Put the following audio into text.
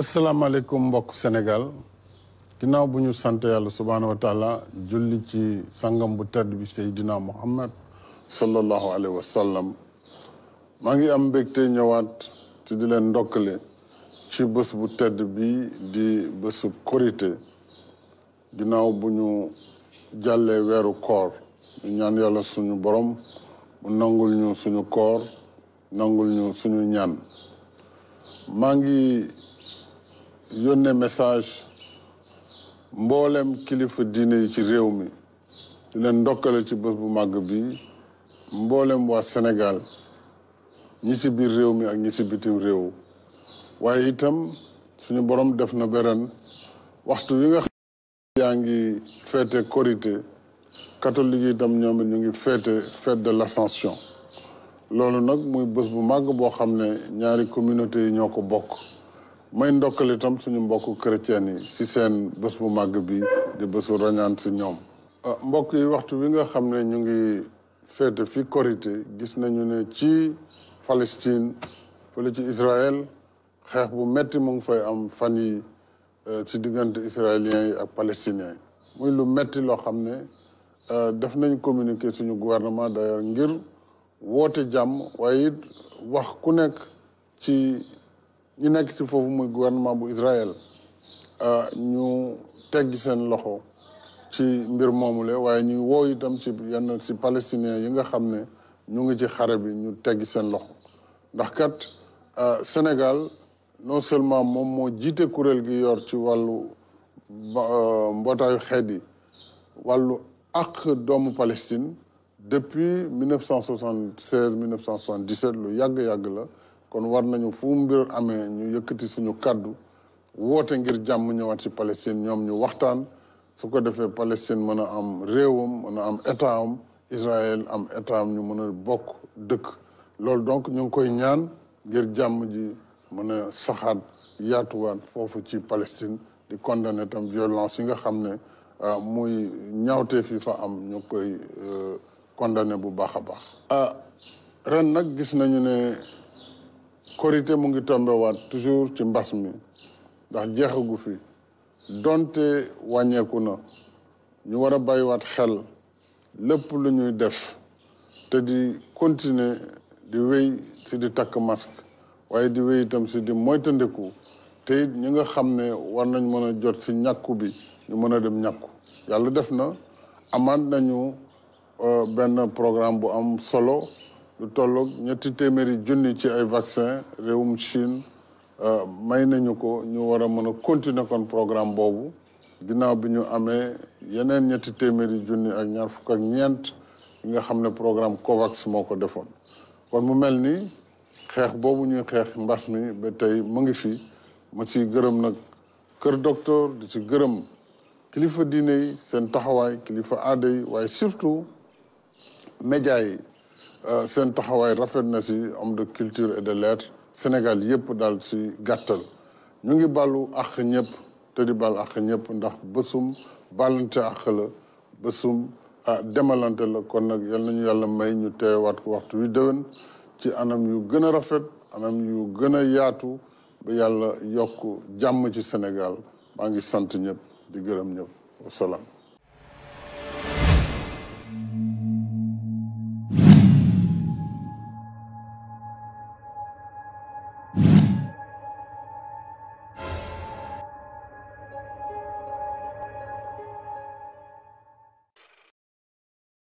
asalaamaaleykum mbokk Sénégal ginnaaw bu ñu sant yàlla subhaanahu wa julli ci sangam bu tedd bi Seydina Muhammad sallallahu alayhi wa sallam maa ngi am mbégte ñëwaat te di leen ndokkale ci bés bu tedd bi di bésu korité ginaaw bu ñu jàllee weeru koor ñu ñaan yàlla suñu borom mu nangul ñu suñu koor nangul ñu suñu ñaan maa ngi yónnee message mboolem kilifa diine yi ci réew mi di leen ndokkale ci bés bu màgg bi mboolem waa Sénégal ñi ci biir réew mi ak ñi ci bitim réew waaye itam suñu borom def na beren waxtu wi nga xam yaa ngi feete korité catholique yi itam ñoom ñu ngi feete fête de l'Ascension loolu nag muy bés bu màgg boo xam ne ñaari communauté yi ñoo ko bokk may ndokkal itam suñu mbokku chrétien yi si seen bés bu màgg bi di bésu rañaan si ñoom. Ah, mbokk yi waxtu wi nga xam ne ñu ngi féete fi korité gis nañu ne ci Palestine fële ci Israël xeex bu metti mu ngi fay am fan yi si eh, diggante israéliens yi ak palestiniens yi. muy lu metti loo xam ne eh, def nañ communiqué suñu gouvernement d'ailleurs ngir woote jàmm waaye it wax ku nekk ci. ñu nekk ci foofu muy gouvernement bu Israël euh, ñu teggi seen loxo ci mbir moomule waaye ñuy woo itam ci yenn si palestiniens yi nga xam ne ñu ngi ci xare bi ñu teggi seen loxo ndax kat euh, Sénégal non seulement moom moo jiite kuréel gi yor ci wàllu euh, mbootaayu xeet yi wàllu ak doomu Palestine depuis 1976 1977 lu yàgg-yàgg la kon war nañu fu mbir amee ñu yëkkati suñu kàddu woote ngir jàmm ñëwaat ci Palestine ñoom ñu waxtaan su ko defee Palestine mën a am réewam mën a am état am Israël am état am ñu mën a bokk dëkk loolu donc ñu ngi koy ñaan ngir jàmm ji mën a saxaat yaatuwaat foofu ci Palestine di condamné tam violence yi nga xam ne euh, muy ñaawtee fi fa am ñu koy euh, condamné bu baax a baax euh, ren nag gis nañu ne korité mu ngi tombe waat toujours ci mbas mi ndax jeexagu fi donte wàññeeku na ñu war a bàyyiwaat xel lépp lu ñuy def te di continuer di wéy si di takk masque waaye di wéy itam si di moytandiku te it ñi nga xam ne war nañ mën a jot si ñàkku bi ñu mën a dem ñàkku yàlla def na amaat nañu euh, benn programme bu am solo lu tolloog ñetti téeméeri junni ci ay vaccin réewum Chine euh, may nañu ko ñu war a mën a continuer kon programme boobu ginnaaw bi ñu amee yeneen ñetti téeméeri junni ak ñaar fukk ñeent yi nga xam ne programme COVAX moo ko defoon kon mu mel ni xeex boobu ñuy xeex mbas mi ba tey mu ngi fi ma ci gërëm nag kër docteur di ci gërëm kilifa diine yi seen taxawaay kilifa aada yi waaye surtout média yi Euh, seen taxawaay rafet na si homme de culture et de lettres Sénégal yëpp daal ci gàttal ñu ngi bàllu àq ñëpp te di bàll àq ñëpp ndax bésum bàllante àq la bésum ah, demalante la kon nag yal nañu yàlla may ñu teewaat ko waxtu wi déwén ci anam yu gën a rafet anam yu gën a yaatu ba yàlla yokk jàmm ci Sénégal maa ngi sant ñëpp di gërëm ñëpp wasalaam